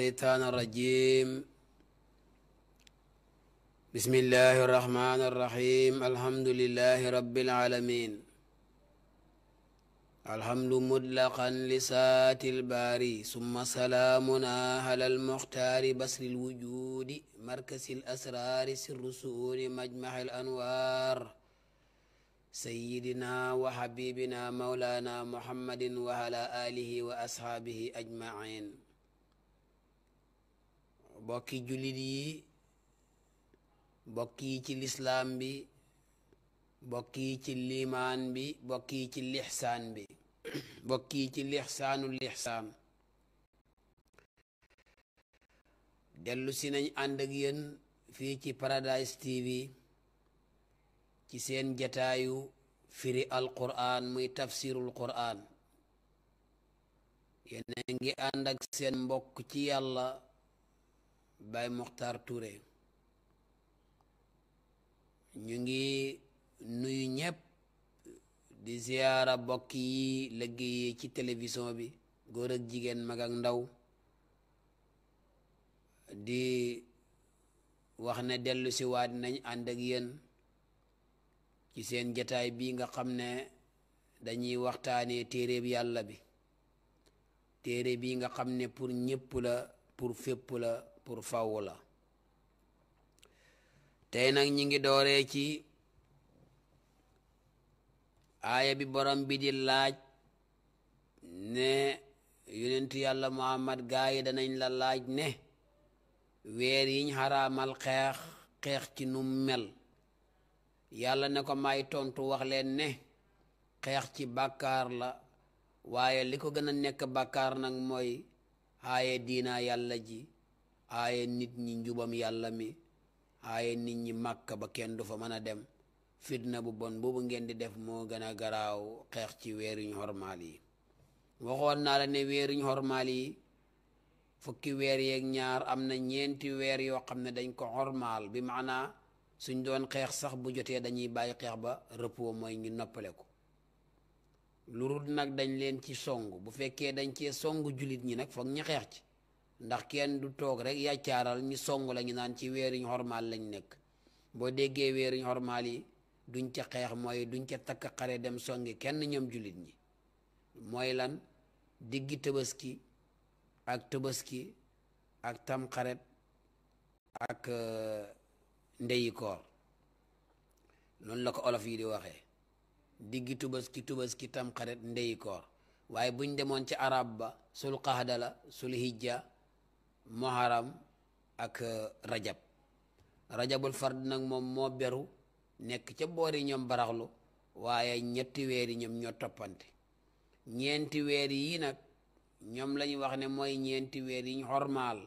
الشيطان الرجيم بسم الله الرحمن الرحيم الحمد لله رب العالمين الحمد مطلقا لسات الباري ثم سلامنا على المختار بسر الوجود مركز الأسرار سر سؤول مجمع الأنوار سيدنا وحبيبنا مولانا محمد وعلى آله وأصحابه أجمعين bokki jullit yi bokk ci lislam bi bokk ci limaan bi bokk yi ci lixsaan bi bokk ci lixsaanu lixsaan dellu si nañ ànd yen yéen fii ci Paradise TV ci seen jataayu firi alquran muy tafsirul quran yéen ngi ànd seen mbokk ci yàlla Baye Mokhtar Touré ñu ngi nuyu ñëpp di ziyaara bokk yi liggéey ci télévision bi góor ak jigéen mag ak ndaw di wax ne dellu si waat nañ ànd yen ci seen jataay bi nga xam ne dañuy waxtaanee téere bi yàlla bi téere bi nga xam ne pour ñëpp la pour fépp la pour fàww la tey nag ñi ngi dooree ci aaya bi borom bi di laaj ne yonentu yàlla muhammad gaa yi danañ la laaj ne weer yiñ xaraamal xeex xeex ci nu mel yàlla ne ko may tontu wax leen ne xeex ci bàkkaar la waaye li ko gën a nekk bakkaar nag mooy aaye dina yàlla ji aaye nit ñi njubam yàlla mi aaye nit ñi màkka ba kenn du fa mën a dem fitna bu bon boobu ngeen di def moo gën a garaw xeex ci weeruñ xormaal yi waxoon naa la ne weeruñ xormaal yi fukki weer yeeg ñaar am na ñeenti weer yoo xam ne dañ ko xormaal bi maanaa suñ doon xeex sax bu jotee dañuy bàyyi xeex ba repos mooy ñu noppale ko lu rut nag dañ leen ci songu bu fekkee dañ cee songu julit ñi nag foog ñi xeex ci ndax kenn du toog rek yàccaaral ñu song la ñu naan ci weeruñ xormaal lañ nekk boo déggee weeruñ xormaal yi duñ ca xeex mooy duñ ca takk xare dem songi kenn ñoom jullit ñi mooy lan diggi tëbëski ak tabaski ak tamxaret ak euh, ndeyi koor loolu la ko olof yi di waxee diggi tubaski tubaski tam xaret koor waaye buñ demoon ci arab ba sul qaxda la sul hijja muharam ak euh, rajab rajabul fard nag moom moo beru nekk ca boori ñoom baraxlu waaye ñetti weer yi ñoom ñoo toppante ñeenti weer yi nag ñoom lañu wax ne mooy ñeenti weer yi ñu xormaal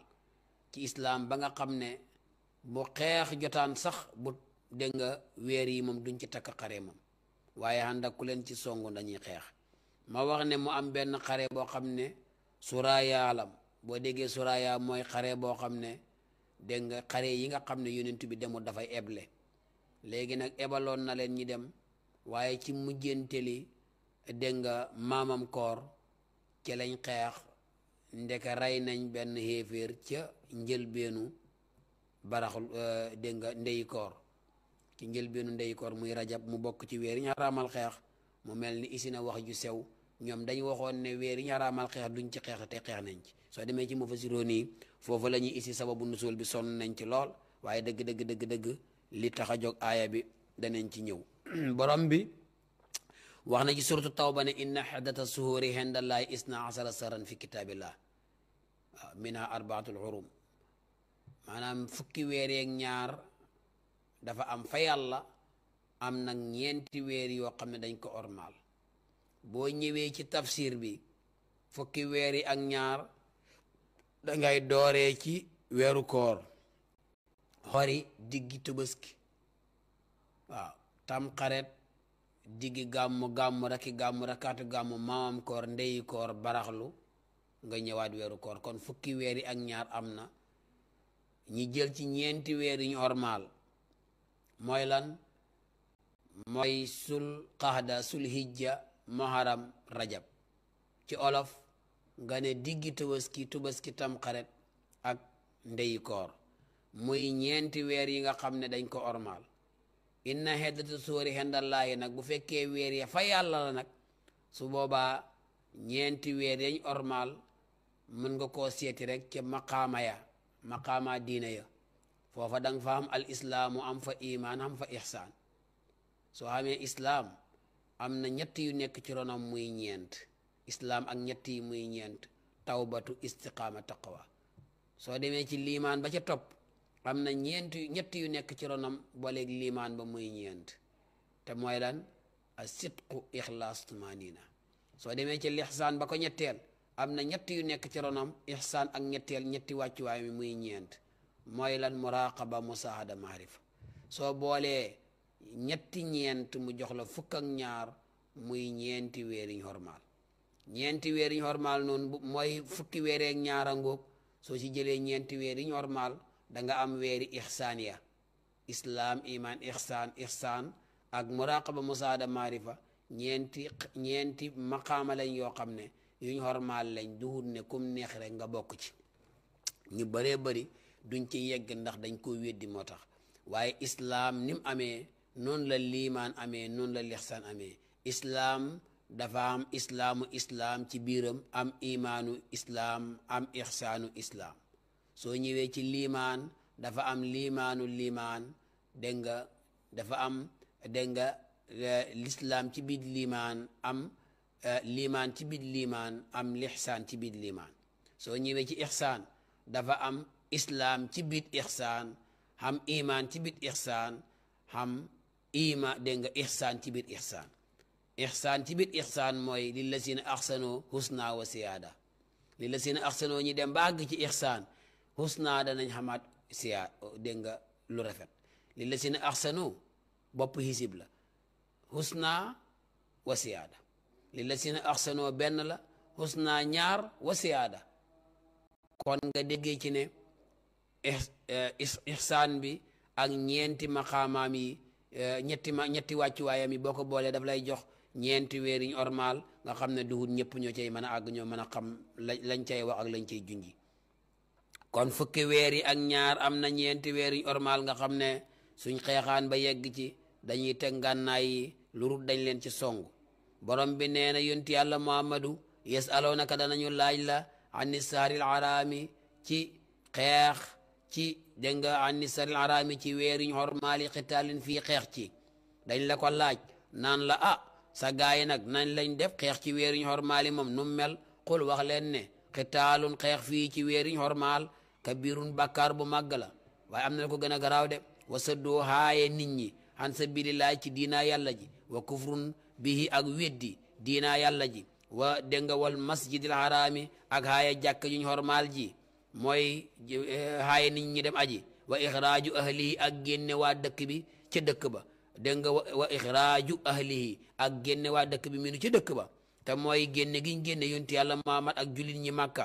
ci islaam ba nga xam ne bu xeex jotaan sax bu dégg nga weer yi moom duñ ci takk xare moom waaye ànd ak leen ci songu dañuy xeex ma wax ne mu am benn xare boo xam ne suraayaa boo déggee suraaya mooy xare boo xam ne dégg nga xare yi nga xam ne yonent bi demul dafay eble léegi nag ebaloon na leen ñi dem waaye ci mujjante li dégg nga maamam koor ci lañ xeex ndeka rey nañ benn xéeféer ca njëlbeenu baraxul euh, dégg nga ndeyi koor ci njëlbeenu ndeyi koor muy rajab mu bokk ci weer yi ñaaraamal xeex mu mel ni isina wax ju sew ñoom dañ waxoon ne weer yi ñaaraamal xeex duñ ci xeex te xeex nañ ci soo demee ci mufassiroon yi foofu la ñuy isi sababu nusul bi sonn nañ ci lool waaye dëgg dëgg dëgg dëgg li tax a jóg aaya bi danañ ci ñëw borom bi wax na ci suratu tawba ne inna xeddata suhuri hendallahi isna asara saran fi kitaabillah waaw minha arbaatul xurum maanaam fukki weer yeeg ñaar dafa am fa yàlla am nag ñeenti weer yoo xam ne dañ ko ormaal boo ñëwee ci tafsir bi fukki weer ak ñaar dangay dooree ci weeru koor xori diggi tëbaski waaw tamxaret diggi gàmmu gàmmu rakki gàmmu rakkaatu gàmmu maamam koor ndeyi koor baraxlu nga ñëwaat weeru koor kon fukki weer yi ak ñaar am na ñi jël ci ñeenti weeri yi ñu ormaal mooy lan mooy sul xaxda sul hijja muharam rajab ci olof nga ne diggi tabaski tabaski tamxarit ak ndeyi muy ñeenti weer yi nga xam ne dañ ko ormaal inna xeddatu sóori xendallaayi nag bu fekkee weer ya fa yàlla la nag su boobaa ñeenti weer yañ ormaal mën nga koo seeti rek ca maqaama ya maqaama diina ya foofa danga fa am al islaamu am fa imaan am fa ixsaan soo xamee islaam am na ñett yu nekk ci ronam muy ñeent islaam ak ñetti yi muy ñeent tawbatu istiqaama taqwa soo demee ci liimaan ba ca topp am na ñeent ñett yu nekk ci ronam booleeg liimaan ba muy ñeent te mooy lan a sidqu ixlaas tumaanina soo demee ci lixsaan ba ko ñetteel am na ñett yu nekk ci ronam ixsaan ak ñetteel ñetti wàccuwaay mi muy ñeent mooy lan muraqaba musaahada maarifa soo boolee ñetti ñeent mu jox la fukk ak ñaar muy ñeenti weeriñ hormaal ñeenti weer yi ñu mooy fukki weer ak ngoog soo ci jëlee ñeenti weer yi ñu xormaal da am weeri ixsaan ya islaam iman ixsaan ixsaan ak muraqaba musaada maarifa ñeenti ñeenti maqaama yoo xam ne yuñ xormaal lañ duhut ne kum neex rek nga bokk ci ñu bëree bëri duñ ci yegg ndax dañ ko weddi moo tax waaye islaam nim mu amee noonu la liimaan amee noonu la lixsaan amee islaam dafa am islaamu islaam ci biiram am imaanu islaam am ixsaanu islaam soo ñëwee ci liimaan dafa am liimaanu liman dégg dafa am dégg nga eh, lislaam ci biir liimaan am eh, liman ci bit liman am lixsaan ci biir liimaan soo ñëwee ci ixsaan dafa am islaam ci biir ixsaan am imaan ci bit ixsaan am ima dégg nga ixsaan ci biir ixsaan ixsaan ci biir ixsaan mooy li la sina axsanoo husna wa siyaada li la sina axsanoo ñi dem ba àgg ci ixsaan husna danañ xamaat siyaa dégg nga lu rafet li la sina axsanoo bopp hisib la husna wa siyaada li la sina benn la husna ñaar wa siyaada kon nga déggee ci ne ixsaan eh, bi ak ñeenti maqaamaam yi eh, ñetti ma ñetti wàccuwaayam yi boo ko boolee daf lay jox ñeenti weer yi ñu ormaal nga xam ne duhut ñëpp ñoo cay mën a àgg ñoo mën a xam lañ cay wax ak lañ cay junji kon fukki weer yi ak ñaar am na ñeenti weer yi ormaal nga xam ne suñ xeexaan ba yegg ci dañuy teg ngànnaay yi lu rut dañ leen ci song borom bi nee na yonti yàlla muhammadu yes aloo naka danañu laaj la anni saaril araami ci xeex ci dégg nga anni saaril araami ci weer yi ñu ormaal fii xeex ci la ko laaj naan la ah sa gaay yi nag nañ lañ def xeex ci weer yi ñu moom nu mel xul wax leen ne xitaalun xeex fii ci weer yi ñu xormaal kabirun bakkaar bu màgg la waaye am na ko gën a garaaw de wa saddoo haaye nit ñi an sabilillahi ci diinaa yàlla ji wa kufrun bihi ak weddi diinaa yàlla ji wa dégg nga wal masjidil haraami ak haaye jàkk ju ñu xormaal ji mooy eh, haaye nit ñi dem aji wa ixraaju ahlihi ak génne waa dëkk bi ca dëkk ba dégg nga wa ixraaju ahlihi ak génne waa dëkk bi minu ci dëkk ba te mooy génne giñ génne yonti yàlla maamat ak jullit ñi ak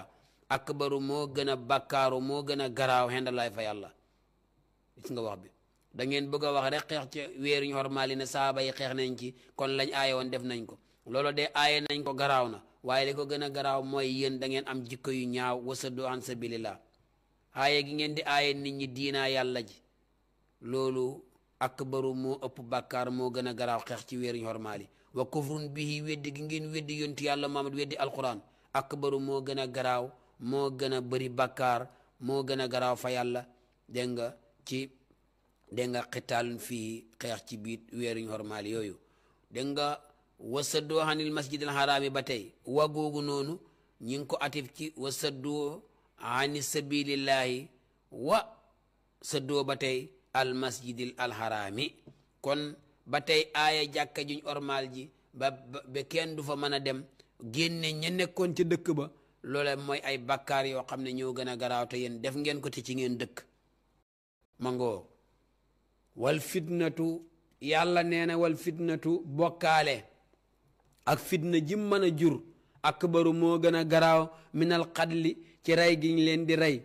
akbaru moo gën a bakkaaru moo gën a garaaw xendalaay fa yàlla gis nga wax bi dangeen ngeen bëgg a wax rek xeex ci weer ñu xormaali ne saaba yi xeex nañ ci kon lañ aaye woon def nañ ko loolu de aaye nañ ko garaaw na waaye li ko gën a garaaw mooy yéen da ngeen am jikko yu ñaaw wasaddu an sabilillah aaye gi ngeen di aaye nit ñi diinaa yàlla ji akbaru moo ëpp bàkkaar moo gën a garaaw xeex ci wéeruñ xormaali wa kufrun bihi weddi gi ngeen weddi yontu yàlla Muhammad weddi alquran akbaru moo gën a garaaw moo gën a bëri bàkkaar moo gën a garaaw fa yàlla dégg nga ci dégg nga xitaalun fii xeex ci biit wéeruñ xormaali yooyu dégg nga wasaddoo anil masjid al haraami ba tey wagoogu noonu ñi ngi ko atif ci wasaddoo ani sabilillahi wa ba tey al masjidil alxaraami kon ba tey aaya jàkka juñ ormal ji ba ba kenn du fa mën a dem génne ña nekkoon ca dëkk ba loola mooy ay bakkaar yoo xam ne ñoo gën a garaaw te yéen def ngeen ko te ci ngeen dëkk mangoo wal fitnatu yàlla nee na wal fitnatu bokkaale ak fitna jim mën a jur akbaru moo gën a garaaw minal xadli ci rey giñ leen di rey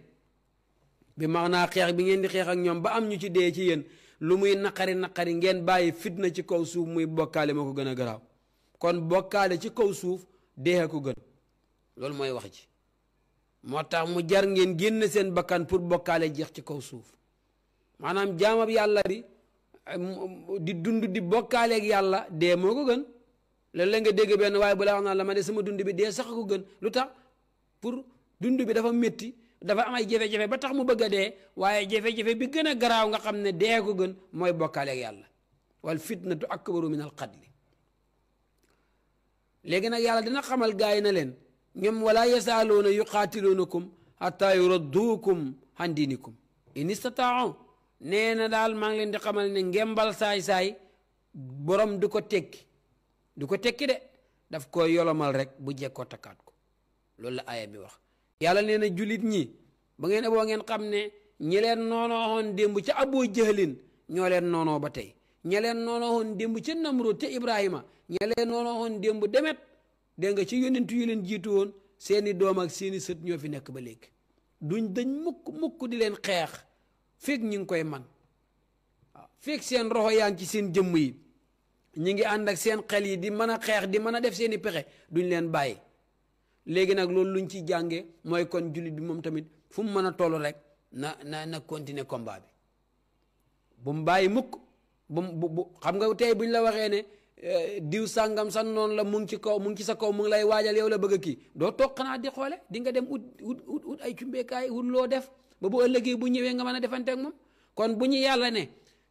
bi max naa xeex bi ngeen di xeex ak ñoom ba am ñu ci dee ci yéen lu muy naqari naqari ngeen bàyyi fitna ci kaw suuf muy bokkaale moo ko gën a garaw kon bokkaale ci kaw suuf dee ko gën loolu mooy wax ci moo tax mu jar ngeen génn seen bakkan pour bokkaale jeex ci kaw suuf maanaam jaamab yàlla bi di dund di bokkaaleeg yàlla dee moo ko gën loolu la nga dégg benn waaye bu la wax naa la ma ne sama dund bi dee sax ko gën lu tax pour dund bi dafa métti dafa am ay jafe ba tax mu bëgg a dee waaye jafe-jafe bi gën a garaaw nga xam ne dee ko gën mooy bokkaale ak yàlla wal fitnatu akbaru min al qatli léegi nag yàlla dina xamal gaay na leen ñoom wala yasaaloona yuqaatiluunakum hatta yuradduukum han diinikum in istataau nee na daal maa ngi leen di xamal ne ngembal saay-saay borom di ko tekki du ko tekki de daf ko yolomal rek bu jekkoo takkaat ko loolu la aaya bi yàlla nee a jullit ñi ba ngeen boo ngeen xam ne ñi leen noonoo démb ca aboo jahlin ñoo leen noonoo ba tey ña leen noonoo démb ca namrud te ibrahima ña leen noonoo démb demet dégg nga ci yonent yu leen jiitu woon seeni doom ak seeni sët ñoo fi nekk ba léegi duñ dañ mukk mukk di leen xeex feeg ñi ngi koy man waaw seen roxo yaa ngi ci seen jëmm yi ñi ngi ànd ak seen xel yi di mën a xeex di mën a def seeni pexe duñ leen bàyyi léegi nag loolu luñ ciy jàngee mooy kon jullit bi moom tamit fu mu mën a toll rek na na na continuer combat bi bu mu bàyyi mukk bu bu bu xam nga tey ñu la waxee ne eh, diw sàngam san noonu la mu ngi ci kaw mu ngi ci sa kaw mu ngi lay waajal yow la bëgg a kii doo toq naa di xoole di nga dem ut ut ut ay cumbeekaay ut loo def ba bu ëllëgee bu ñëwee nga mën a defanteeg moom kon bu ñu yàlla ne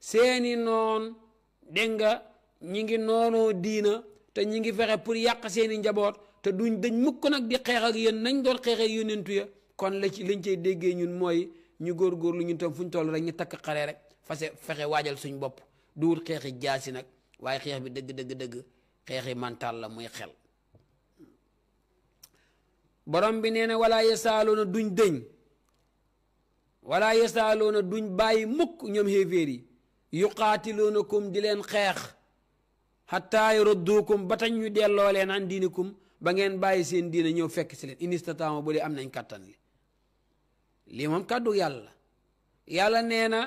seeni noon dégg nga ñi ngi noonoo diina te ñu ngi fexe pour yàq seeni njaboot te duñ dañ mukk nag di xeex ak yéen nañ doon xeexee yónentu ya kon la ci lañ cay déggee ñun mooy ñu góorgóorlu ñun tam fu ñu toll rek ñu takk xaree rek fase fexe waajal suñ bopp duwul xeexi jaasi nag waaye xeex bi dëgg dëgg dëgg xeexi mental la muy xel borom bi nee na walaa yesaaloona duñ deñ dëñ walaa yesaaloona duñ bàyyi mukk ñoom xéeféer yi yuqaatiloonakum di leen xeex xattaa yarudduukum ba tañ ñu delloo leen an diinikum ba ngeen bàyyi seen a ñëw fekk si leen inistataama bu dee am nañ kattan li lii moom kàddu yàlla yàlla nee na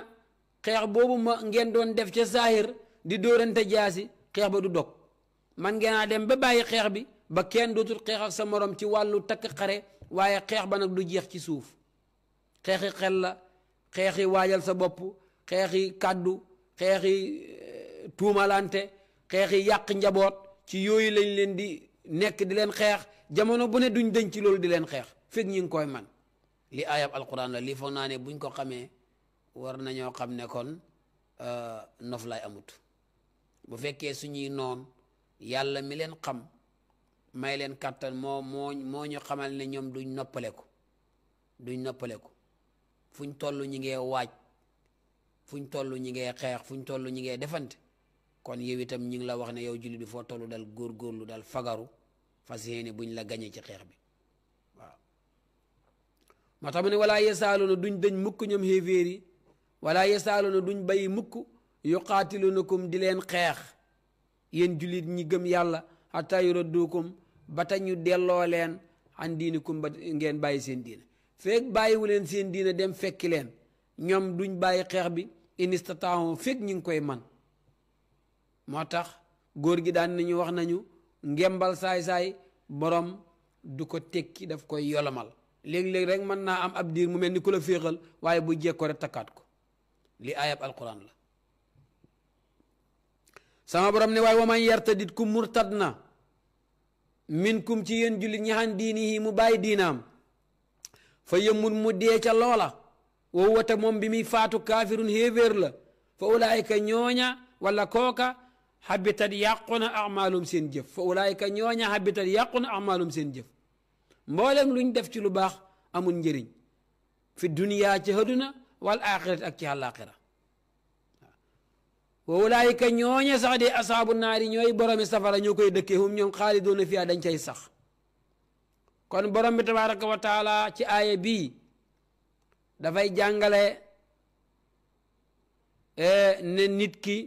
xeex boobu ma ngeen doon def ca saahir di dóorante jaasi xeex ba du dog man ngeen a dem ba bàyyi xeex bi ba kenn dootul xeex sa morom ci wàllu takk xare waaye xeex ba nag du jeex ci suuf xeexi xel la xeexi waajal sa bopp xeexi kàddu xeexi eh, tuumalante xeexi yàq njaboot ci yooyu lañ leen di nekk di leen xeex jamono bu ne duñ denc ci loolu di leen xeex fekk ñi koy man li ayab alquran la lii foog naa ne buñ ko xamee war nañoo xam ne kon euh, nof lay amut bu fekkee suñuy noon yàlla mi leen xam may leen kàttan moo moo moo ñu xamal ne ñoom duñ noppaleku duñ noppaleku fuñ toll ñi ngee waaj fuñ toll ñi ngee xeex fuñ toll ñi ngee defante kon yéw itam ñu ngi la wax ne yow jullit bi foo tollu dal góorgóorlu dal fagaru fas yéene buñ la gañee ci xeex bi waaw moo tax mu ne walaa yesaaluuna duñ dañ mukk ñoom xéeféer yi walaa yesaaluuna duñ bàyyi mukk yuqaatilunakum di leen xeex yéen jullit ñi gëm yàlla xataa yuradduukum ba te ñu delloo leen an diinikum ba ngeen bàyyi seen diina feeg bàyyiwu leen seen diina dem fekki leen ñoom duñ bàyyi xeex bi in istataahu fekk ñu ngi koy man moo tax góor gi daan nañu wax nañu ngembal saay-saay borom du ko tekki daf koy yolomal léeg-léeg rek mën naa am ab diir mu mel ni ku la féexal waaye bu jekkoo rek takkaat ko li ayab alquran la sama borom ne waaye waman yartadit ku murtad na min kum ci yéen jullit ñaxan diini yi mu bàyyi diinaam fa yëmmun mu dee ca loola wow wata moom bi muy faatu kaafirun héeféer la fa ulaayika ñooña wala kooka habitat yàqu na amalum seen jëf fa ulaayika ñooña habitat yàqu na amalum seen jëf mboolem luñ def ci lu baax amul njëriñ fi duniyaa ci haduna wal axirat ak ci àllaaxira wa ulaayika ñooña sax di asaabu naari ñooy boromi safara ñoo koy dëkkee hum ñoom xaalidoona fiyaa dañ cay sax kon borom bi tabaraka wa ci aaya bi dafay jàngale eh, ne nit ki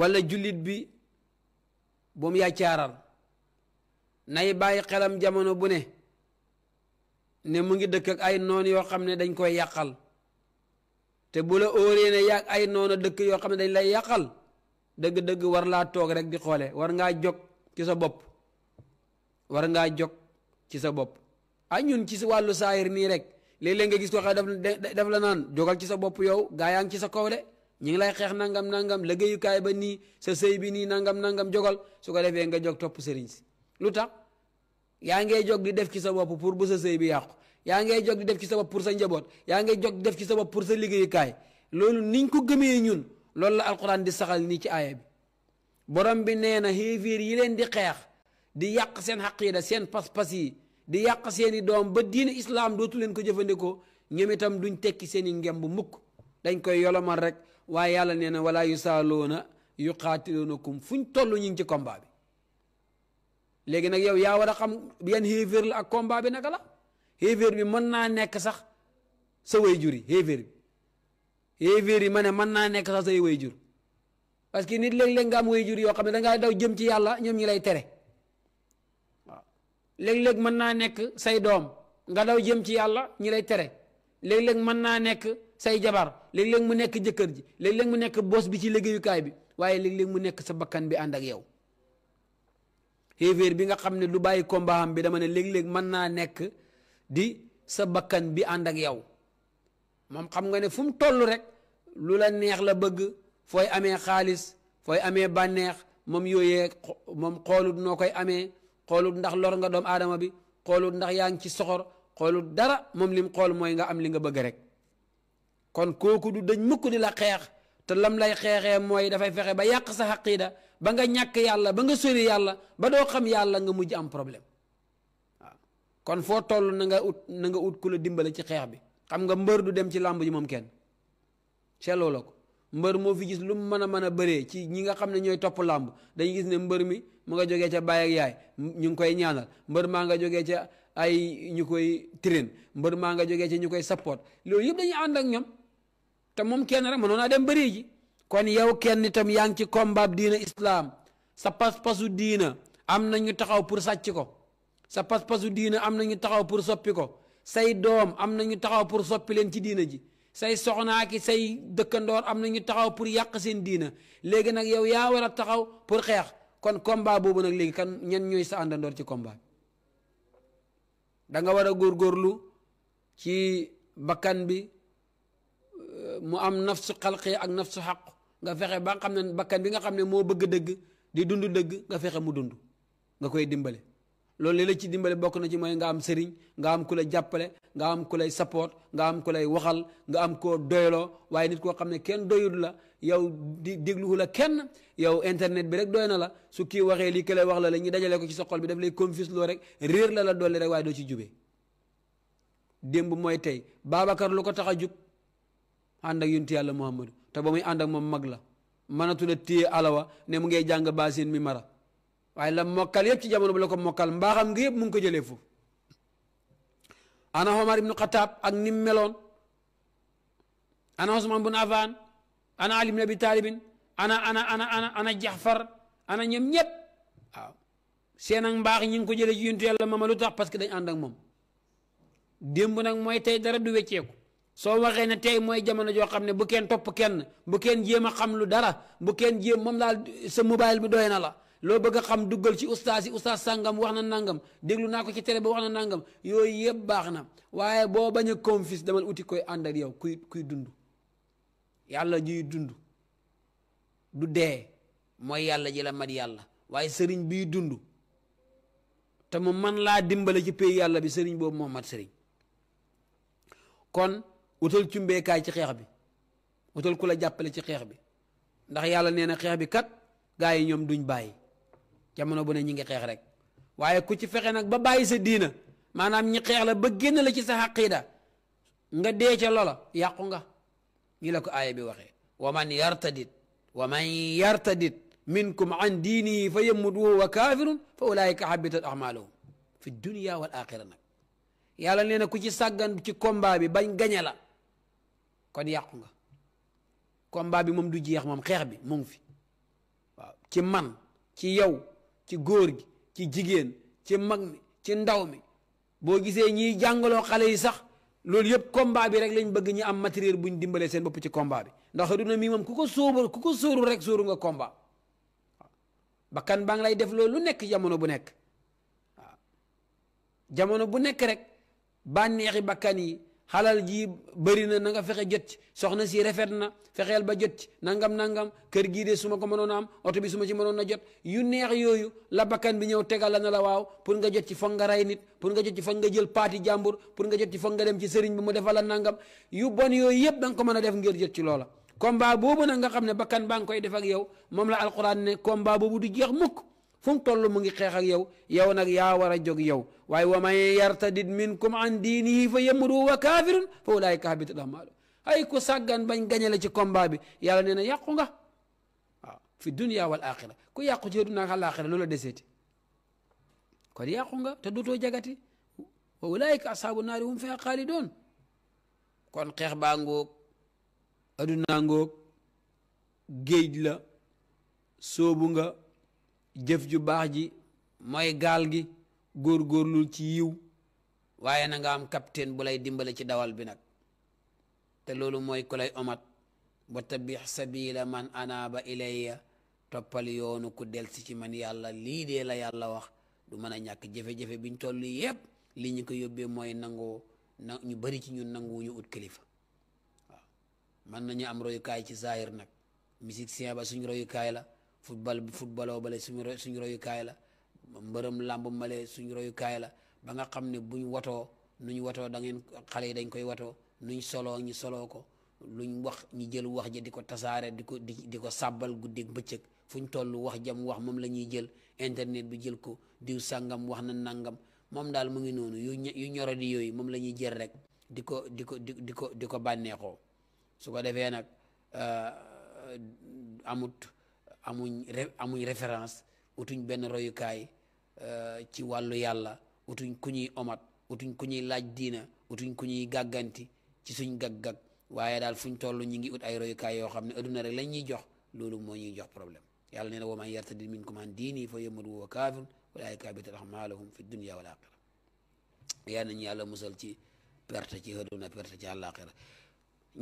wala jullit bi bu mu yàccaaral nay bàyyi xelam jamono bu ne ne mu ngi dëkk ak ay noon yoo xam ne dañ koy yàqal te bu la óoree ne yàgg ay noon a dëkk yoo xam ne dañ lay yàqal dëgg-dëgg war laa toog rek di xoole war ngaa jóg ci sa bopp war ngaa jóg ci sa bopp a ñun ci sa wàllu saayir nii rek léeg-léeg nga gis ko xam def la naan jogal ci sa bopp yow gaa yaa ngi ci sa kaw de ñu ngi lay xeex nangam nangam liggéeyukaay ba nii sa sëy bi nii nangam nangam jogal su ko defee nga jog topp sëriñ si lu tax yaa ngay jog di def ci sa bopp pour bu sa sëy bi yàqu yaa ngay jog def ci sa pour sa njaboot yaa ngay jog di sa bopp pour sa liggéeyukaay loolu niñ ko gëmee ñun loolu la alquran di saxal nii ci aaya bi borom bi nee na xéefiir yi leen di xeex di yàq seen xaqiida seen pas-pas yi di yàq seeni doom ba diine islaam dootu leen ko jëfandikoo ñoom itam duñ tekki seeni ngem bu mukk dañ koy yolomal rek waaye yàlla nee na yu wala yusaaloona yuqaatiluunakum fuñ toll ñu ngi ci combat léegi nag yow yaa war a xam yan xéeféer la ak combat bi naka la xéeféer bi mën naa nekk sax sa way jur yi xéeféer bi xéeféer yi ma ne mën naa nekk say way jur parce que nit léeg-léeg nga am way jur yoo xam ne dangaa daw jëm ci yàlla ñoom ñi lay tere waaw léeg-léeg mën naa nekk say doom nga daw jëm ci yàlla ñi lay naa nekk say jabar léeg-léeg mu nekk jëkkër ji léeg-léeg mu nekk bos bi ci liggéeyukaay bi waaye léeg-léeg mu nekk sa bakkan bi ànd ak yow xéeféer bi nga xam ne lu bàyyi combat am bi dama ne léeg mën naa nekk di sa bakkan bi ànd ak yow moom xam nga ne fu mu toll rek lu la neex la bëgg fooy amee xaalis fooy amee bànneex moom yooyee moom xoolut noo koy amee xoolut ndax lor nga doom aadama bi xoolut ndax yaa ngi ci soxor xoolut dara moom lim xool mooy nga am li nga bëgg rek kon kooku du dañ mukk di la xeex te lam lay xeexee mooy dafay fexe ba yàq sa xaqiida ba nga ñàkk yàlla ba nga sori yàlla ba doo xam yàlla nga mujj am problème kon foo toll na nga ut na nga ut ku la dimbale ci xeex bi xam nga mbër du dem ci làmb ji moom kenn seetloo la ko mbër moo fi gis lu mu mën a mën a bëree ci ñi nga xam ne ñooy topp làmb dañuy gis ne mbër mi mu nga jógee ca baay ak yaay ñu ngi koy ñaanal mbër maa nga jógee ca ay ñu koy train mbër maa nga jógee ca ñu koy support loolu te moom kenn rek mënoon naa dem bëri ji kon yow kenn itam yaa ngi ci combat diina islaam sa pas-pasu diina am na ñu taxaw pour sàcc ko sa pas-pasu diina am na ñu taxaw pour soppi ko say doom am na ñu taxaw pour soppi leen ci diina ji say soxnaa ki say dëkkandoor am na ñu taxaw pour yàq seen diina léegi nag yow yaa war a taxaw pour xeex kon combat boobu nag léegi kan ñen ñooy sa àndandoor ci combat da nga war a góorgóorlu ci bakkan bi mu am nafsu xalqi ak nafsu xaq nga fexe ba nga xam ne bakkan bi nga xam ne moo bëgg dëgg di dund dëgg nga fexe mu dund nga koy dimbale loolu li la ci dimbale bokk na ci mooy nga am sëriñ nga am ku la jàppale nga am ku lay support nga am ku lay waxal nga am ko doyloo waaye nit koo xam ne kenn doyul la yow di dégluwu la kenn yow internet bi rek doy na la su kii waxee lii kële wax la la ñu dajale ko ci sa xol bi daf lay confuse loo rek réer la la dolli rek waaye doo ci jubee ànd ak yunti yàlla muhammadu te ba muy ànd ak moom mag la mënatula téye alawa ne mu ngay jàng baasin mi mara waaye la mokal yëpp ci jamono bi la ko mokkal mbaaxam ngi yëpp mu ngi ko jëlee foofu ana Omar ibnu Xataab ak nim meloon ana bu bun Affaan ana Ali ibn Abi Taalibin ana ana ana ana ana ana ñoom ñëpp waaw seen ak mbaax ñi ngi ko jëlee ci yunti yàlla mama lu tax parce que dañ ànd ak moom nag mooy tey dara du wecceeku soo waxee ne tey mooy jamono joo xam ne bu kenn topp kenn bu kenn jéem a xam lu dara bu kenn jéem moom laa sa mobile bi doy na la loo bëgg a xam duggal ci ustaas yi ustaas sàngam wax na nangam déglu naa ko ci tere ba wax na nangam yooyu yëpp baax na waaye boo bañ a confis demal uti koy ànd ak yow kuy kuy dund yàlla ñuy dund du dee mooy yàlla ji la mat yàlla waaye sëriñ biy dund te moom man laa dimbale ci pay yàlla bi sëriñ boobu moom mat sëriñ utal cumbeekaay ci xeex bi utal ku la jàppale ci xeex bi ndax yàlla nee na xeex bi kat gaa yi ñoom duñ bàyyi jamono bu ne ñi ngi xeex rek waaye ku ci fexe nag ba bàyyi sa diina maanaam ñi xeex la ba génn la ci sa xaqiida nga dee ca lolo yàqu nga ñi la ko aaya bi waxee wa man yartadit wa man yartadit minkum an diinihi fa yemmut woo wa kaafirun fa ulaayika habitat ahmaaluhum fi dunia wal axira nag yàlla nee ku ci sàggan ci combat bi bañ gañe kon yàqu nga combat bi moom du jeex moom xeex bi mu ngi fi waaw ci man ci yow ci góor gi ci jigéen ci mag mi ci ndaw mi boo gisee ñiy jàngaloo xale yi sax loolu yëpp combat bi rek lañ bëgg ñu am matériel bu ñu dimbalee seen bopp ci combat bi ndax aduna mi moom ku ko sóobu ku ko sóoru rek sóoru nga komba bakkan baa ngi lay def loolu lu nekk jamono bu nekk waaw bu nekk rek bànneexi bakkan yi xalal ji bëri na na nga fexe jot ci soxna si rafet na fexeel ba jot ci nangam nangam kër gii de suma ko mënoon am oto bi su ci mënoon a jot yu neex yooyu la bakkan bi ñëw tegal la na la waaw pour nga jot ci foog nga nit pour nga jot ci foog nga jël paati jàmbur pour nga jot ci foog nga dem ci sëriñ bi mu defal la nangam yu bon yooyu yëpp danga ko mën a def ngir jot ci loola. combat boobu nag nga xam ne bakkan baa ngi koy def ak yow moom la alquran ne combat boobu du jeex mukk fu mu toll mu ngi xeex ak yow yow nag yaa war a jóg yow. waaye wa man yartadid minkum an diinihi fa yamru wa kaafirun fa ulaayika habitat amaalu ay ku sàggan bañ gañe la ci combat bi yàlla nee na yàqu nga waaw fi dunia wal axira ku yàqu ci dunia ak alaxira loola deseeti kon yàqu nga te dootoo jagati wa ulaayika asaabu naari hum fiha xaalidoon kon xeex baa ngoog aduna ngoog géej soobu nga jëf ju baax ji mooy gi góor góorgóorlul ci yiw waaye na nga am capitaine bu lay dimbale ci dawal bi nag te loolu mooy ku lay omat wa tabix sabila man anaaba ilayya toppal yoonu ku delsi ci man yàlla lii dee la yàlla wax du mën a ñàkk jafe-jafe biñ toll yépp li ñu ko yóbbee mooy nangoo na ñu bari ci ñun nanguwuñu ut kilifa waaw mën nañu am royukaay ci zahir nag musicien ba suñu royukaay la football footballoo bale suñu suñu royukaay la mbërëm làmb male suñ royukaay la ba nga xam ne buñ watoo nuñ watoo da ngeen xale yi dañ koy watoo nuñ soloo ñu soloo ko luñ wax ñu jël wax ja di ko tasaare di ko di di ko sàbbal guddeeg bëccëg fuñ toll wax jam wax moom la ñuy jël internet bi jël ko diw sàngam wax na nangam moom daal mu ngi noonu yu yu ñoro di yooyu moom la ñuy jël rek di ko di ko di di ko di ko bànneexoo su ko defee nag euh, amut amuñ amuñ référence utuñ benn royukaay Euh, ci wàllu yàlla utuñ ku ñuy omat utuñ ku ñuy laaj diina utuñ ku ñuy gàgganti ci suñ gag-gag waaye daal fuñ toll ñi ngi ut ay royukaay yoo xam ne adduna rek lañ ñuy jox loolu moo ñuy jox problème yàlla nee na wa man yartadi minkum an diini fa yamut wa kaafir walaayka bitat amaalahum fi dunia wal axira yaa nañ yàlla musal ci perte ci adduna perte ci àllaaxira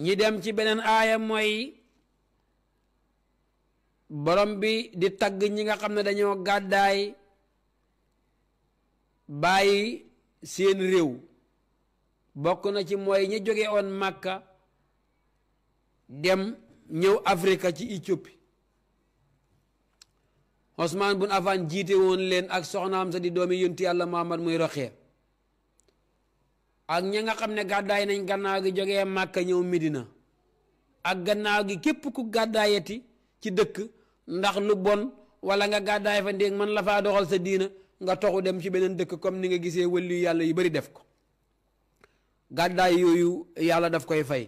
ñi dem ci beneen aaya mooy di tagg ñi nga xam ne dañoo gàddaay bàyyi seen réew bokk na ci mooy ñi jóge woon Màkka dem ñëw Afrique ci Éthiopie Ousmane bun Affan jiite woon leen ak soxnaam sa di doomi yonti yàlla Muhammad muy roxee ak ña nga xam ne gàddaay nañ gannaaw gi jógee Màkka ñëw Medina ak gannaaw gi képp ku gàddaayati ci dëkk ndax lu bon wala nga gàddaay fa ndéeg man la faa doxal sa diina nga toxu dem ci beneen dëkk comme ni nga gisee wëllu yàlla yu bari def ko gàddaay yooyu yàlla daf koy fay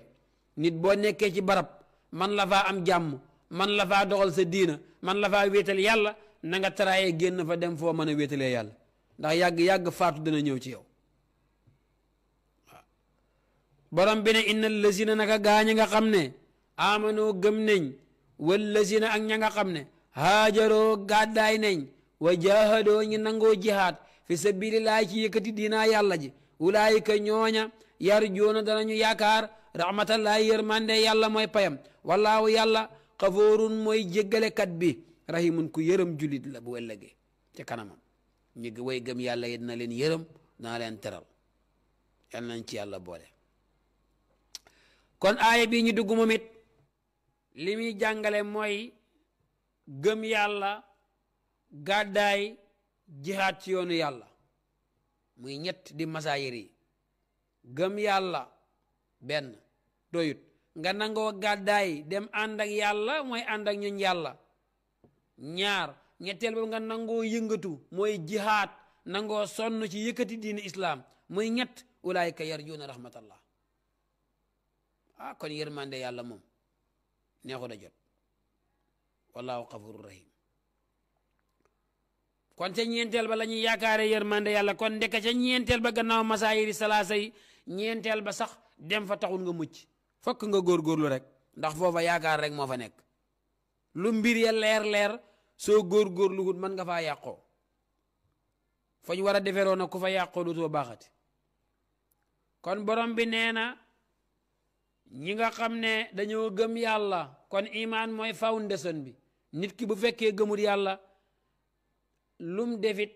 nit boo nekkee ci barab man la faa am jàmm man la faa doxal sa diina man la faa wéetal yàlla na nga taraayee génn fa dem foo mën a wéetalee yàlla ndax yàgg yàgg faatu dana ñëw ci yow waaw borom bi ne innal lazina naka gaañi nga xam ne amano gëm nañ wal lazina ak ña nga xam ne haajaroo gàddaay nañ wa jaahadoo ñi nangoo jihaad fi sabilillahi ci yëkkati diinaa yàlla ji ulaayika ñooña yar joona danañu yaakaar rahmatallahi yërmande yàlla mooy payam wallaahu yàlla xafoorun mooy jéggalekat bi rahimun ku yërëm julit la bu wellëgee ca kanamam ñu way gëm yàlla yi dina leen yërëm dana leen teral yal nañ ci yàlla boole kon aaya bii ñu dugg moom it muy jàngale mooy gëm yàlla gàddaay jihaad ci yoonu yàlla muy ñett di masaayir yi gëm yàlla benn doyut nga nangoo gàddaay dem ànd yàlla mooy ànd ak ñun yàlla ñaar ñetteel ba nga nangoo yëngatu mooy jihaad nangoo sonn ci yëkkati diini islaam muy ñett ulaayka yarjuuna rahmatallah ah kon yërmande yàlla moom neexu da jot wallahu xafuru kon ca ñeenteel ba la ñuy yaakaare yërmande yàlla kon ndeka ca ñeenteel ba gannaaw masaayiri salaasa yi ñeenteel ba sax dem fa taxul nga mucc fokk nga góorgóorlu rek ndax foofa yaakaar rek moo fa nekk lu mbir ya leer leer soo góorgóorlu wut mën nga faa yàqoo fa ñu war a deferoo na ku fa yàqoo a baaxati kon borom bi nee na ñi nga xam ne dañoo gëm yàlla kon imaan mooy foundation bi nit ki bu fekkee gëmul yàlla lum defit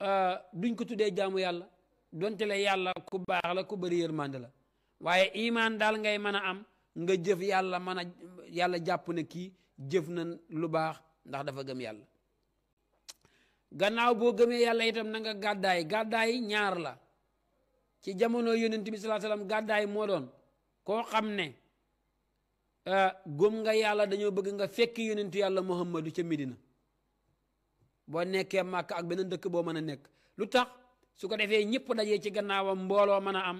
euh, duñ ko tuddee jaamu yàlla donte la yàlla ku baax la ku bëri yërmande la waaye imaan daal ngay mën a am nga jëf yàlla man a yàlla jàpp ne kii jëf na lu baax ndax dafa gëm yàlla gannaaw boo gëmee yàlla itam nanga gàddaay gàddaay ñaar la ci jamono yonent bi gàddaay moo doon koo xam ne euh, gëm nga yàlla dañoo bëgg nga fekk yonentu yàlla muhammadu ca Medina boo nekkee màkk ak beneen dëkk boo mën a nekk lu tax su ko defee ñëpp dajee ci gannaawam mbooloo mën a am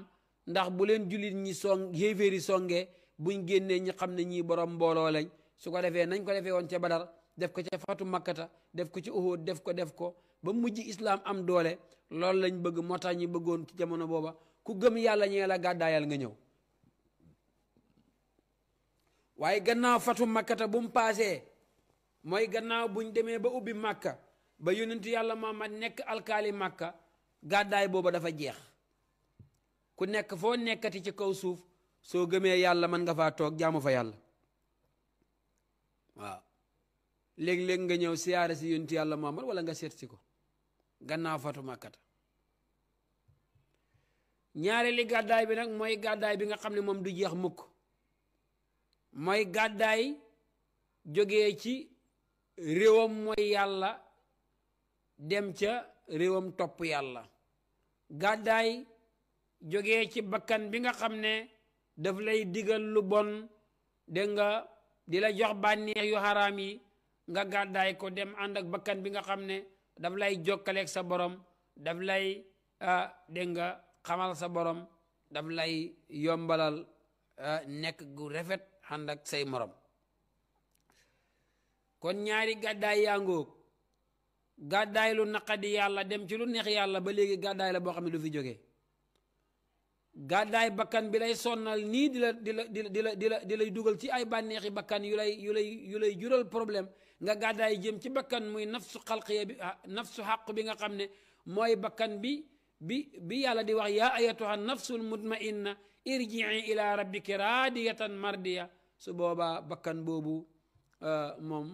ndax bu leen jullit ñi song yéeféeri songee buñ génnee ñi xam ne ñii borom mbooloo lañ su ko defee nañ ko defee woon ca badar def ko ci fatu makkata def ko ci uhud def ko def ko ba mujj islaam am doole loolu lañ bëgg moo ñi bëggoon ci jamono booba ku gëm yàlla ñee la gàddaayal nga ñëw waaye gannaaw fatu makkata bu mu paasee mooy gannaaw buñ demee ba ubbi màkka ba yonent yàlla Muhammad nekk alkaali màkka gàddaay booba dafa jeex ku nekk foo nekkati ci kaw suuf soo gëmee yàlla mën nga faa toog jaamu fa yàlla waaw léeg-léeg nga ñëw siyaare si yonent yàlla Muhammad wala nga seet si ko gannaaw fatu màkkata ñaareeli gàddaay bi nag mooy gàddaay bi nga xam ne moom du jeex mukk mooy gàddaay jógee ci réewam mooy yàlla dem ca réewam topp yàlla gàddaay jógee ci bakkan bi nga xam ne daf lay digal lu bon dégg nga di la jox bànneex yu xaraam yi nga gàddaay ko dem ànd ak bakkan bi nga xam ne daf lay jokkaleek sa borom daf lay ah, dégg nga xamal sa borom daf lay yombalal ah, nekk gu rafet ànd say morom kon ñaari gàddaay yaa ngoog gàddaay lu naqadi yàlla dem ci lu neex yàlla ba léegi gàddaay la boo xam ne du fi jógee gàddaay bakkan bi lay sonnal nii di la di la di la di la di lay dugal ci ay bànneexi bakkan yu lay yu lay yu lay jural problème nga gàddaay jëm ci bakkan muy nafsu xalqiya bi ah, nafsu xàq bi nga xam ne mooy bakkan bi bi bi yàlla di wax yaa ayatuha nafsul mutmainna irjii ila rabbiki raadiyatan mardiya su booba bakkan boobu ah, moom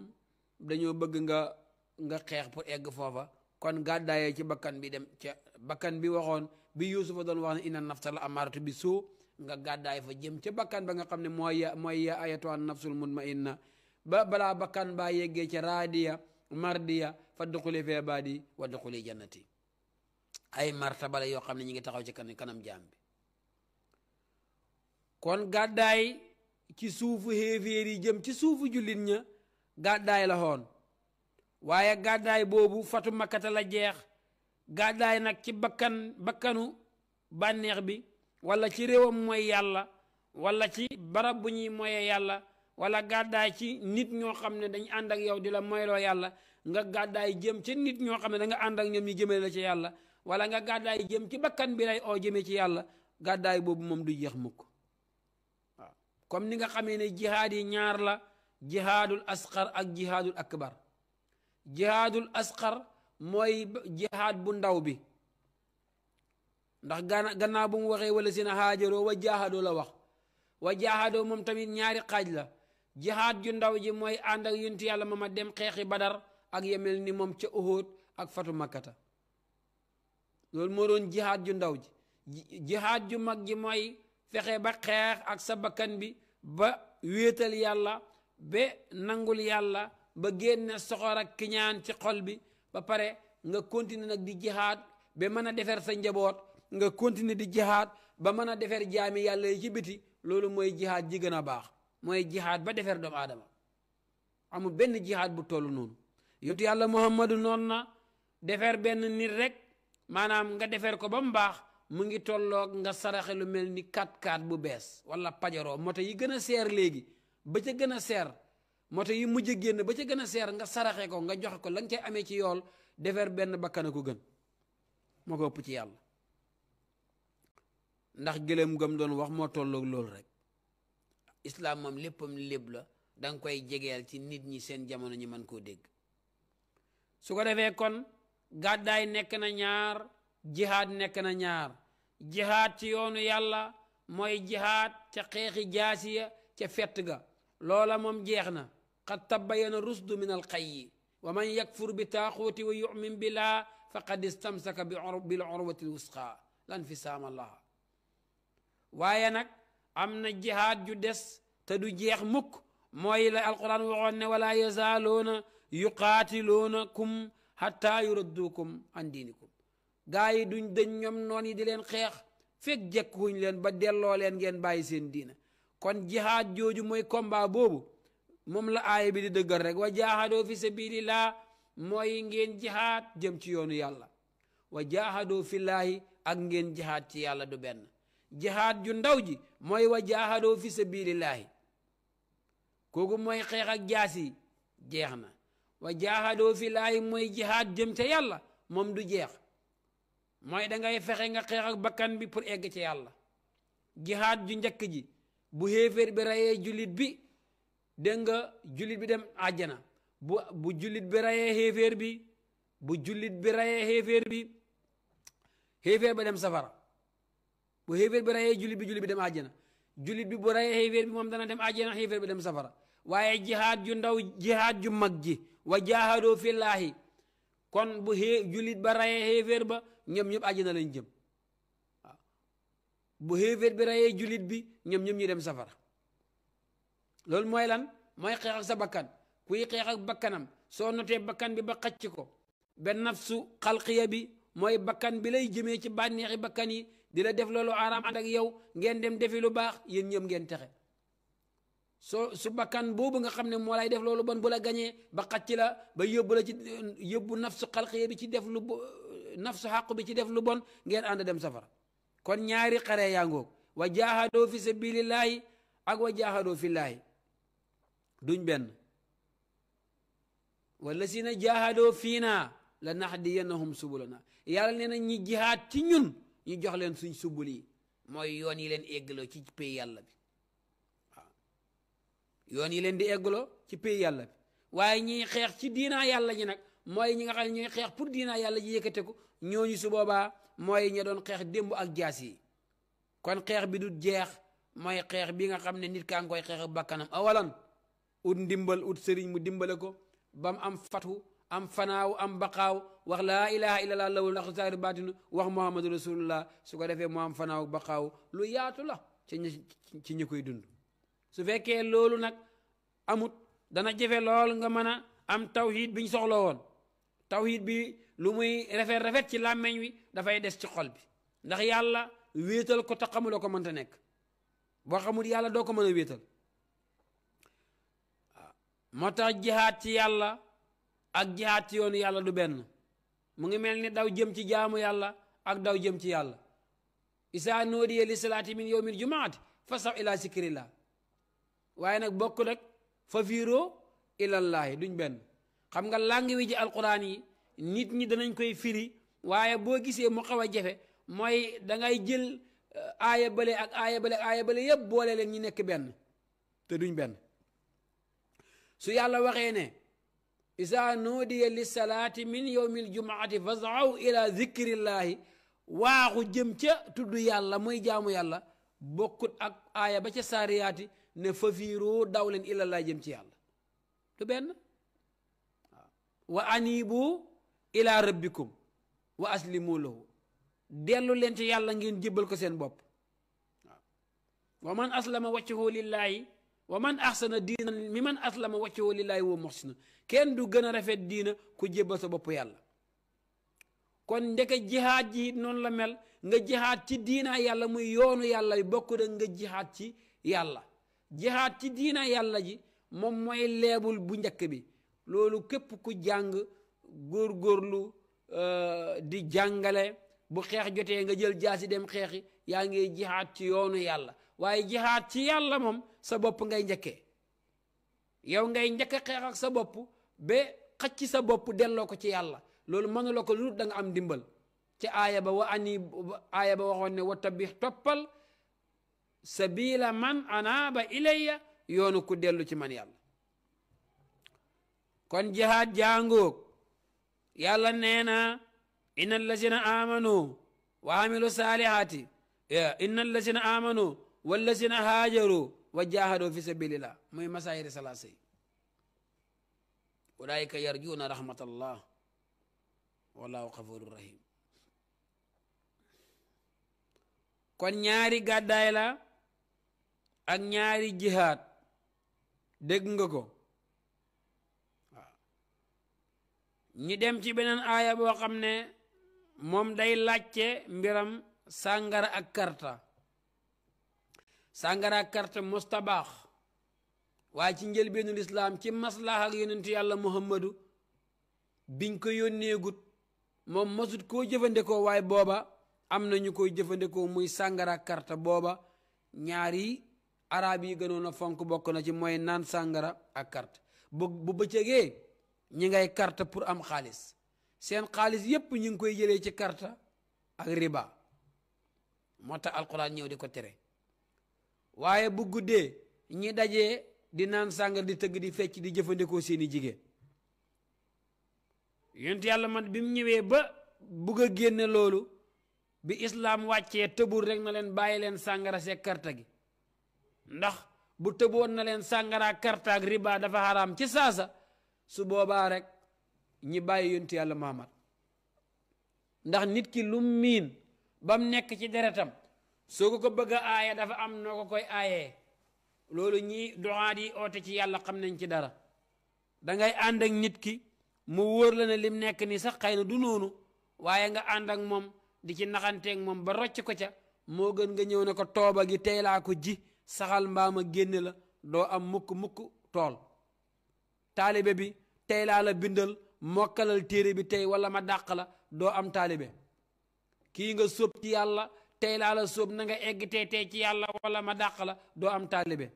dañoo bëgg nga nga xeex pour egg foofa kon gàddaayee ci bakkan bi dem ca bakkan bi waxoon bi yuusufa doon wax ne inna nafsa la amaratu bi suu nga gàddaay fa jëm ca bakkan bi nga xam ne mooy mooy ya ayatu an nafsul mutmainna ba balaa bakkan baa yeggee ca mar mardiya fa duxuli fee baadi wa duxuli jannati ay martaba bala yoo xam ne ñu ngi taxaw ci kanam jaam bi kon gàddaay ci suufu xéeféer yi jëm ci suufu jullit ña gàddaay la xoon waaye gàddaay boobu fatu makkata la jeex gàddaay nag ci bakkan bakkanu bànneex bi wala ci réewam mooy yàlla wala ci barab bu ñuy moyee yàlla wala gàddaay ci nit ñoo xam ne dañ ànd ak yow di la moyloo yàlla nga gàddaay jëm ci nit ñoo xam ne danga ànd ak ñoom ñu jëmee la ci yàlla wala nga gàddaay jëm ci bakkan bi lay oo jëmee ci yàlla gàddaay boobu moom du jeex mukk waaw ni nga xamee ne jihaad yi ñaar la jihaadul asqar ak jihaadul akbar jihaadul asqar mooy jihaad bu ndaw bi ndax gana gannaaw bu mu waxee wala seen haajaroo wa jaahadoo la wax wa jaahadoo moom tamit ñaari xaaj la jihaad ju ndaw ji mooy ànd ak yunti yàlla ma ma dem xeexi badar ak yemel ni moom ca Uhud ak fatu makkata loolu moo doon jihaad ju ndaw ji jihaad ju mag ji mooy fexe ba xeex ak sa bakkan bi ba wéetal yàlla ba nangul yàlla ba génne soxor ak kiñaan ci xol bi ba pare nga continuer nag di jihaad ba mën a defar sa njaboot nga continuer di jihaad ba mën a defar jaami yàlla yi ci biti loolu mooy jihaad ji gën a baax mooy jihaad ba defar doomu aadama amul benn jihaad bu toll noonu yontu yàlla muhammadu noon na defar benn nit rek maanaam nga defar ko ba mu baax mu ngi tolloog nga saraxe lu mel ni 4 x bu bees wala pajaro moto yi gën a seer léegi ba ca gën a seer moto yi mujj génn ba ca gën a seer nga saraxe ko nga joxe ko la nga cay amee ci yool defar benn bakkana ko gën moo ko ëpp ci yàlla ndax gëléem gam doon wax moo tolloog loolu rek islaam moom léppam lépp la danga koy jegeel ci nit ñi seen jamono ñi mën koo dégg su ko defee kon gàddaay nekk na ñaar jihaad nekk na ñaar jihaad ci yoonu yàlla mooy jihaad ca xeexi jaasiya ca fett ga loola moom jeex na qad tabayana rusdu min alxayyi wa man yakfur bi taaxuuti wa yumin billah faqad istamsaka bil urwati lwusqa lan fisaama laha waaye nag am na jihaad ju des te du jeex mukk mooy la alquran waxoon ne walaa yazaaluuna yuqaatiluunakum xatta yuradduukum an diinikum gaa yi duñ dëñ ñoom noon yi di leen xeex fekk jekkuñ leen ba delloo leen ngeen bàyyi seen diina kon jihaad jooju mooy combat boobu moom la aaya bi di dëggal rek wa jaahadoo fi sabilillah mooy ngeen jihaad jëm ci yoonu yàlla wa jaahadoo fillaahi ak ngeen jihaad ci yàlla du benn jihaad ju ndaw ji mooy wa jaahadoo fi sabilillaahi kooku mooy xeex ak jaas jeex na wa jaahadoo fillaahi mooy jihaad jëm ca yàlla moom du jeex mooy dangay fexe nga xeex bakkan bi pour egg ci yàlla jihaad ju njëkk ji bu xéeféer bi reyee jullit bi dégg nga jullit bi dem àjjana bu julit jullit bi rayee xéeféer bi bu julit bi rayee xéeféer bi xéeféer ba dem safara bu xéeféer bi rayee jullit bi jullit bi dem àjjana jullit bi bu rayee xéeféer bi moom dana dem àjjana xéeféer bi dem safara waaye jihaad ju ndaw jihaad ju mag ji wa jaahadoo fillaahi kon bu xee ba rayee xéeféer ba ñoom ñëpp àjjana lañ jëm waaw bu xéeféer bi rayee jullit bi dem safara loolu mooy lan mooy xeex sa bakkan kuy xeex ak bakkanam soo notee bakkan bi ba xacc ko ba nafsu xalqiya bi mooy bakkan bi lay jëmee ci bànneexi bakkan yi di def loolu araam ànd ak yow ngeen dem defi lu baax yéen ñëpp ngeen texe soo su bakkan boobu nga xam ne moo lay def loolu bon bula la gañee ba xacc la ba yóbbu la ci yóbbu nafsu xalqiya bi ci def lu nafsu xàqu bi ci def lu bon ngeen ànd dem safara kon ñaari xare yaa ngoog wa jaahadoo fi sabilillahi ak wa jaahadoo fillaahi duñ benn wallazina jaahadoo fiina la nahdiyannahum subulana yàlla nee na ñi jihaad ci ñun ñu jox leen suñ subul yi mooy yoon yi leen éggaloo ci pay yàlla bi waaw yoon yi leen di éggaloo ci pay yàlla waaye ñiy xeex ci diinaa yàlla ji nag mooy ñi nga xam ne ñooy xeex pour diinaa yàlla ji yëkkateku su boobaa mooy ña doon xeex démb ak jaas yi kon xeex bi du jeex mooy xeex bi nga xam ne nit kaa koy xeex ak bakkanam awalan ut ndimbal ut sëriñ mu dimbale ko ba mu am fatu am fanaaw am baqaaw wax laa ilaha illallah lawul ak saari baatinu wax muhammadu rasulullah su ko defee mu am fanaaw baqaaw lu yaatu la ci ñi koy dund su fekkee loolu nag amut dana jafe lool nga mën a am tawhid bi ñu soxla woon tawhid bi lu muy rafet rafet ci làmmeñ wi dafay des ci xol bi ndax yàlla wéetal ko te xamuloo ko mënta nekk boo xamul yàlla doo ko mën a wéetal moo tax jihaat ci yàlla ak jihaat ci yoonu yàlla du benn mu ngi mel ni daw jëm ci jaamu yàlla ak daw jëm ci yàlla isaa noodiye li salaati min yowmil jumaati fasaw ila sikrillah waaye nag bokk rek fa fiiroo ilallaahi duñ benn xam nga làng wi ji alxuraan yi nit ñi danañ koy firi waaye boo gisee mu xaw a jafe mooy dangay jël eh, aaya bale ak aaya bale ak aaya bale yëpp boole leen ñi nekk benn te duñ benn su yàlla waxee ne isa nuudiya lissalaati min yowmi ljumaati fasaw ila zikrillaahi waaxu jëm ca tudd yàlla mooy jaamu yàlla bokkut ak aaya ba ca saariyaati ne fafiiru daw leen illa jëm ci yàlla du benn wa anibu ila rabbikum wa aslimu dellu leen ci yàlla ngeen jébbal ko seen bopp waaw wa man aslama waccahu lillaahi wa man ahsana diina mi man aslama waccowo lillaahi wa muhsina kenn du gën a rafet diina ku jébbal sa bopp yàlla kon ndeke jihaat ji noonu la mel nga jihaat ci diina yàlla muy yoonu yàlla bokku da nga jihaat ci yàlla jihaat ci diina yàlla ji moom mooy leebul bu njëkk bi loolu képp ku jàng góor góorgóorlu euh, di jàngale bu xeex jotee nga jël jaasi dem xeexi yaa ngi jihaat ci yoonu yàlla waaye jihaat ci yàlla moom sa bopp ngay njëkkee yow ngay njëkk a sa bopp ba xëcc sa bopp delloo ko ci yàlla loolu mënuloo ko lu da am ndimbal ci aaya wa ani aaya ba waxoon ne wa bi toppal sabila man anaaba ilayya yoonu ku dellu ci man yàlla kon jihaad jàngoog yàlla nee na inna allazina amanu wa amilu saalihaati inna allazina amanu wallazina haajaru wa jaahadoo fi sabilillah muy masaayiri salaasa yi ulaayika yarjuuna rahmatallah wallahu xafuru rahim kon ñaari gàddaay la ak ñaari jihaad dégg nga ko waaw ñi dem ci beneen aaya boo xam ne moom day laajte mbiram sàngara ak karta sàngara carte mosta baax waaye ci njëlbeenu lislaam ci maslaha ak yonentu yàlla muhammadu biñ ko yónneegut moom masut koo jëfandikoo waaye booba am na ñu koy jëfandikoo muy sàngara carte booba ñaari arab yi gënoon a fonk bokk na ci mooy naan sàngara ak carte bu bu bëccëgee ñi ngay carte pour am xaalis seen xaalis yépp ñu ngi koy jëlee ci carte ak riba moo tax alquran ñëw di ko tere waaye bu guddee ñi dajee di naan sàngar di tëgg di fecc di jëfandikoo seeni jigéen yonent yàlla man bi mu ñëwee ba bugg a génne loolu bi islaam wàccee tëbul rek na leen bàyyi leen sàngara seeg karta gi ndax bu tëboon na leen sàngara karta ak riba dafa xaraam ci saasa su boobaa rek ñi bàyyi yonent yàlla maamat ndax nit ki lu miin bam nekk ci deretam soo ko ko bëgg a aaye dafa am noo ko koy aaye loolu ñii duwaat yi oote ci yàlla xam nañ ci dara dangay ànd ak nit ki mu wóor la ne lim nekk nii sax xay na du noonu waaye nga ànd ak moom di ci naxanteek moom ba rocc ko ca moo gën nga ñëw ne ko tooba gi tey laa ko ji saxal mbaama génne la doo am mukk mukk tool taalibe bi tey laa la bindal mokkalal téere bi tey wala ma dàq la doo am taalibe kii nga sóob ci yàlla tey laa la sóob na nga egg tey tey ci yàlla wala ma dàq la doo am taalibe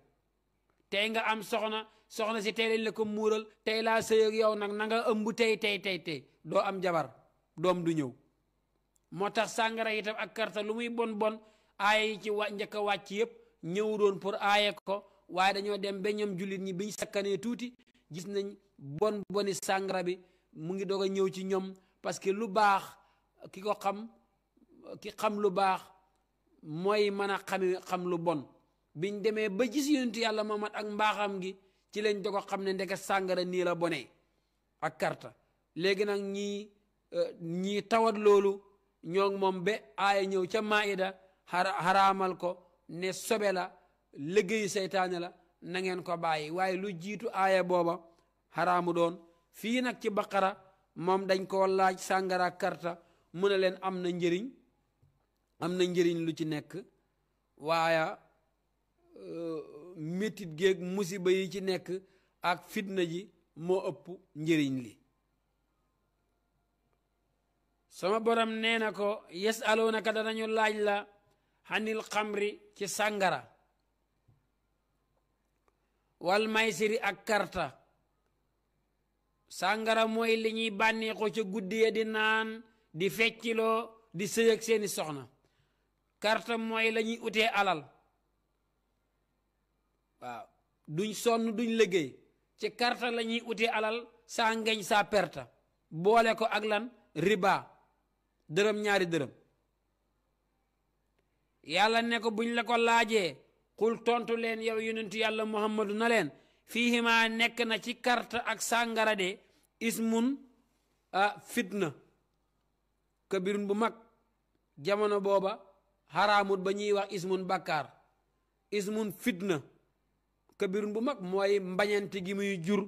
tey nga am soxna soxna si tey lañ la ko muural tey laa sëy ak yow nag na nga ëmb tey tey tey tey doo am jabar doom du ñëw moo tax sàngara itam ak karta lu muy bon bon aaye yi ci wa njëkk a wàcc yëpp ñëw doon pour aaye ko waaye dañoo dem ba ñoom jullit ñi biñ sakkanee tuuti gis nañ bon boni sàngara bi mu ngi doog a ñëw ci ñoom parce que lu baax ki ko xam ki xam lu baax mooy mën a xami lu bon biñ demee ba gis yonentu yàlla Muhammad ak mbaaxam gi ci lañ dogo xam ne ndeke sàngara nii la bonee ak karta léegi nag ñii euh, ñii tawat loolu ñoo moom ba aaya ñëw ca maida xaraamal ko ne sobe la liggéeyu seytaane la na ngeen ko bàyyi waaye lu jiitu aaya booba xaraamu doon fii nag ci baqara moom dañ koo laaj sàngara karta mu ne leen am na njëriñ am na njëriñ lu ci nekk waaye euh, métit géeg musiba yi ci nekk ak fitna ji moo ëpp njëriñ li sama borom nee ko yes aloo naka danañu laaj la xanil xamri ci sàngara wal maysiri ak karta sàngara mooy li ñuy bànneexoo ca guddi ya di naan di fecciloo di sëy ak seeni soxna carte mooy la ñuy utee alal waaw duñ sonn duñ liggéey ci carte lañuy ñuy alal saa ngeñ saa perte boole ko ak lan riba dërëm ñaari dërëm yàlla ne ko buñ la laajee xul tontu leen yow yonentu yàlla muhammadu na leen fiihimaa nekk na ci carte ak sàngara de ismun ah, fitna kabirun bu mag jamono booba xaraamut ba ñuy wax ismun bàkkaar ismun fitna kabirun bu mag mooy mbañante gi muy jur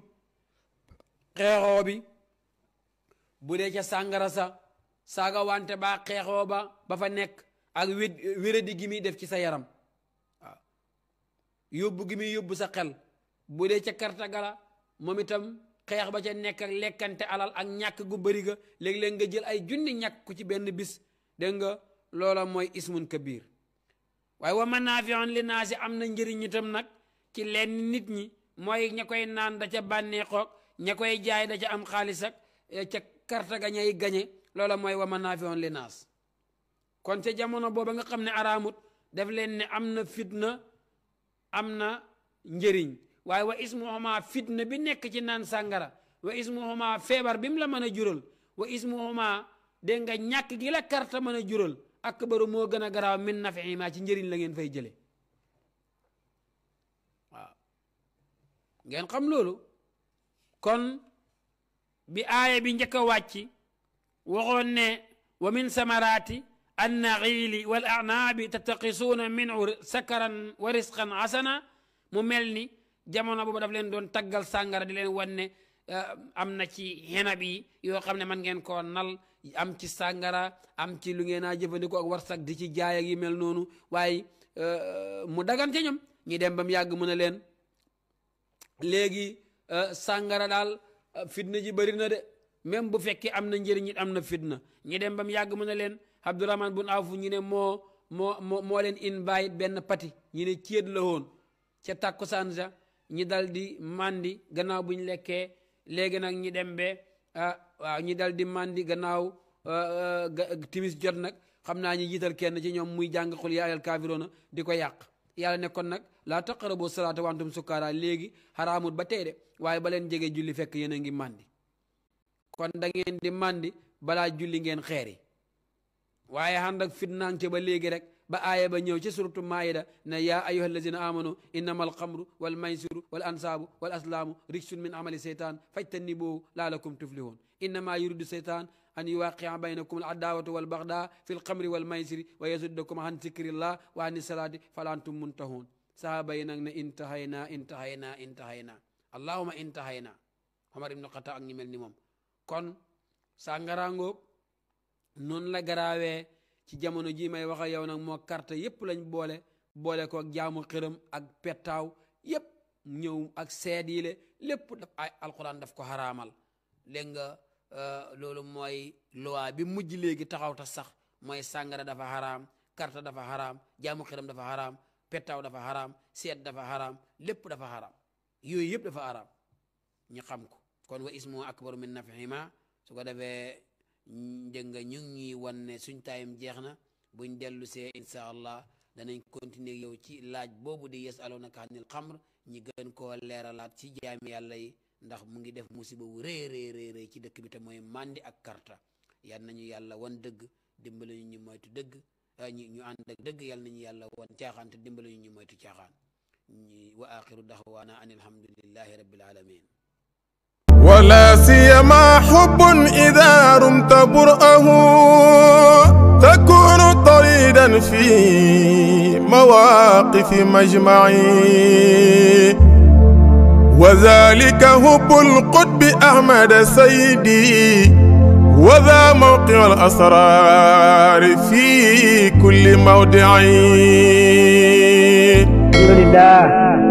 xeexoo bi bu dee ca sàngara sa saaga wante baa xeexoo ba ba fa nekk ak wéradi gi muy def ci sa yaram waaw yóbbu gi muy yóbbu sa xel bu dee ca kartagala moom itam xeex ba ca nekk ak lekkante alal ak ñàkk gu bëri ga léeg nga jël ay junni ñàkk ci benn bis dégg nga loola mooy ismun kabir waaye wa manaafiun li naasi am na njëriñ itam nag ci lenn nit ñi mooy ña koy naan da ca bànneexoog ña koy jaay da ca am xaalis e, ca karta ga ñay mooy wa manaafiun kon ca jamono booba nga xam ne araamut daf leen ne am na fitna am na njëriñ waaye wa ismuhuma fitna bi nekk ci naan sàngara wa ismuhuma feebar bi mu la mën a jural wa ismuhuma dégg nga ñàkk gi la karta mën a jural akbaru moo gën a garaaw min nafi ci njëriñ la ngeen fay jële waaw ngeen xam loolu kon bi aaya bi njëkk a wàcc waxoon ne wa min samaraati annaxiili wal anaabi tattaqisuuna minhu sakaran wa hasana mu mel ni jamono boobu daf leen doon taggal sàngara di leen wan Euh, am na ci xenab yi yoo xam ne man ngeen koo nal am ci sàngara am ci lu ngeen a jëfandikoo ak warsak di ci jaay ak yi mel noonu waaye euh, mu dagan ci ñoom ñu dem ba mu yàgg mu ne leen léegi euh, sàngara daal fitna ji bëri na de même bu fekkee am na njëriñ it am na fitna ñu dem ba mu yàgg mu ne leen Abdourahman bun Awf ñu ne moo moo moo moo leen invite benn pati ñu ne céet la woon ca tàkkusaan ja ñi dal di màndi gannaaw bu lekkee léegi nag ñi dem be ah waaw ñi dal di màndi gannaaw ah, ah, timis jot nag xam naa ñi jiital kenn ci ñoom muy jàng xul yaa ayyuhal di ko yàq yàlla ne nag laa taqrabu salaata wa antum sukkaara léegi xaraamut ba tey de waaye ba leen jege julli fekk yéen a ngi màndi kon da ngeen di mandi balaa julli ngeen xeeri waaye ànd ak fitnaante ba léegi rek ba aaya ba ñëw ci suratu maayida ne yaa ayuha allazina amanu innama alxamru wal maysiru wal ansaabu wal aslaamu rijsun min amali seytaan fajtanibuhu laalakum tuflihun innama yuridu seytaan an yuwaqia baynakum al adaawatu wal baxdaa fi lxamri wa yasuddakum an zikrillah wa an salaati fala antum muntahun sahaaba yi nag ne intahayna intahayna intahayna allahuma intahayna omar ibnu xata ak ñi ni moom kon sàngaraangoog noonu la garaawee ci jamono ji may wax ak yow nag moo carte yépp lañ boole boole ko jaamu xiram ak pettaaw yépp ñëw ak seed yi le lépp daf ay alquran daf ko xaraamal dégg nga euh, loolu mooy loi bi mujj léegi taxaw ta sax mooy sàngara dafa xaraam carte dafa xaraam jaamu xiram dafa xaraam pettaaw dafa xaraam seet dafa xaraam lépp dafa xaraam yooyu yëpp dafa xaraam ñu xam ko kon wa ismu akbaru min nafihima su ko defee dégg nga ñu ngi ñuy wan ne suñ taayam jeex na buñ dellu see incha allah danañ continuer yow ci laaj boobu di yasalunaka anil xamr ñi gën ko leeralaat ci jaami yàlla yi ndax mu ngi def musiba wu rëy rëy rëy ci dëkk bi te mooy mandi ak karta yal nañu yàlla wan dëgg dimbali ñu moytu dëgg eh, ñu ñu ànd dëgg yal nañu yàlla wan caaxaan te dimbali ñu moytu caaxaan wa axiru daxwaana an alhamdulillahi rabbil alamin wala siyama xubbun أنت برأه تكون طريدا في مواقف مجمعي وذلك هب القطب أحمد سيدي وذا موقع الأسرار في كل موضعي الحمد لله